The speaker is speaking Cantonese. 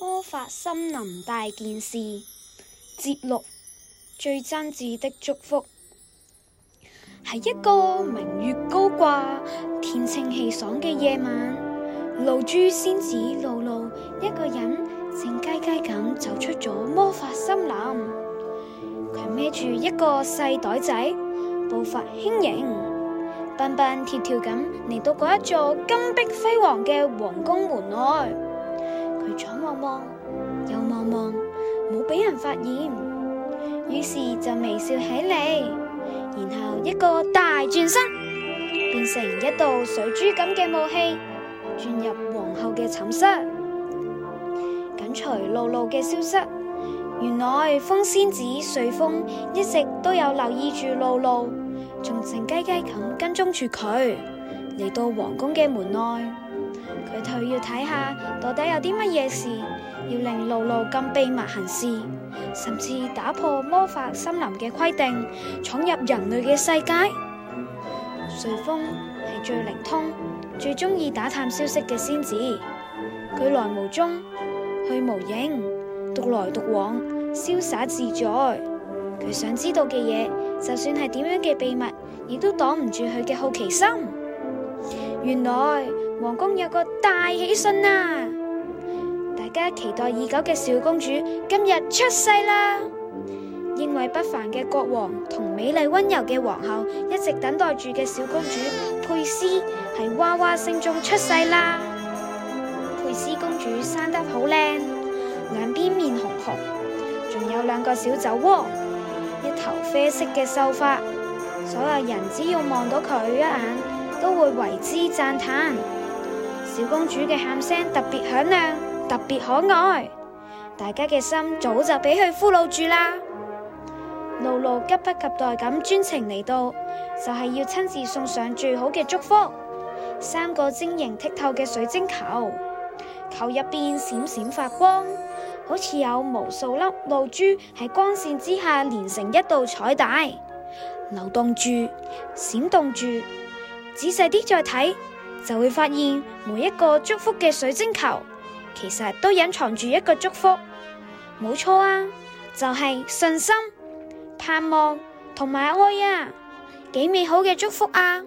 魔法森林大件事，節錄最真摯的祝福。係一個明月高掛、天清氣爽嘅夜晚，露珠仙子露露一個人靜雞雞咁走出咗魔法森林，佢孭住一個細袋仔，步伐輕盈，蹦蹦跳跳咁嚟到嗰一座金碧輝煌嘅皇宮門外。佢左望望，右望望，冇俾人發現，於是就微笑起嚟，然後一個大轉身，變成一道水珠咁嘅霧氣，轉入皇后嘅寢室，緊隨露露嘅消失。原來風仙子隨風一直都有留意住露露，仲靜雞雞咁跟蹤住佢，嚟到皇宮嘅門外。佢都要睇下到底有啲乜嘢事要令露露咁秘密行事，甚至打破魔法森林嘅規定，闖入人類嘅世界。隨風係最靈通、最中意打探消息嘅仙子，佢來無蹤、去無影，獨來獨往，瀟灑自在。佢想知道嘅嘢，就算係點樣嘅秘密，亦都擋唔住佢嘅好奇心。原來，皇宮有個大喜訊啊！大家期待已久嘅小公主今日出世啦！英偉不凡嘅國王同美麗溫柔嘅皇后一直等待住嘅小公主佩斯係哇哇聲中出世啦！佩斯公主生得好靚，兩邊面紅紅，仲有兩個小酒窩，一頭啡色嘅秀髮，所有人只要望到佢一眼，都會為之讚嘆。小公主嘅喊聲特別響亮，特別可愛，大家嘅心早就俾佢俘虜住啦。露露急不及待咁專程嚟到，就係要親自送上最好嘅祝福。三個晶瑩剔透嘅水晶球，球入邊閃閃發光，好似有無數粒露珠喺光綫之下連成一道彩帶，流動住，閃動住。仔細啲再睇。就會發現每一個祝福嘅水晶球，其實都隱藏住一個祝福，冇錯啊，就係信心、盼望同埋愛啊，幾美好嘅祝福啊！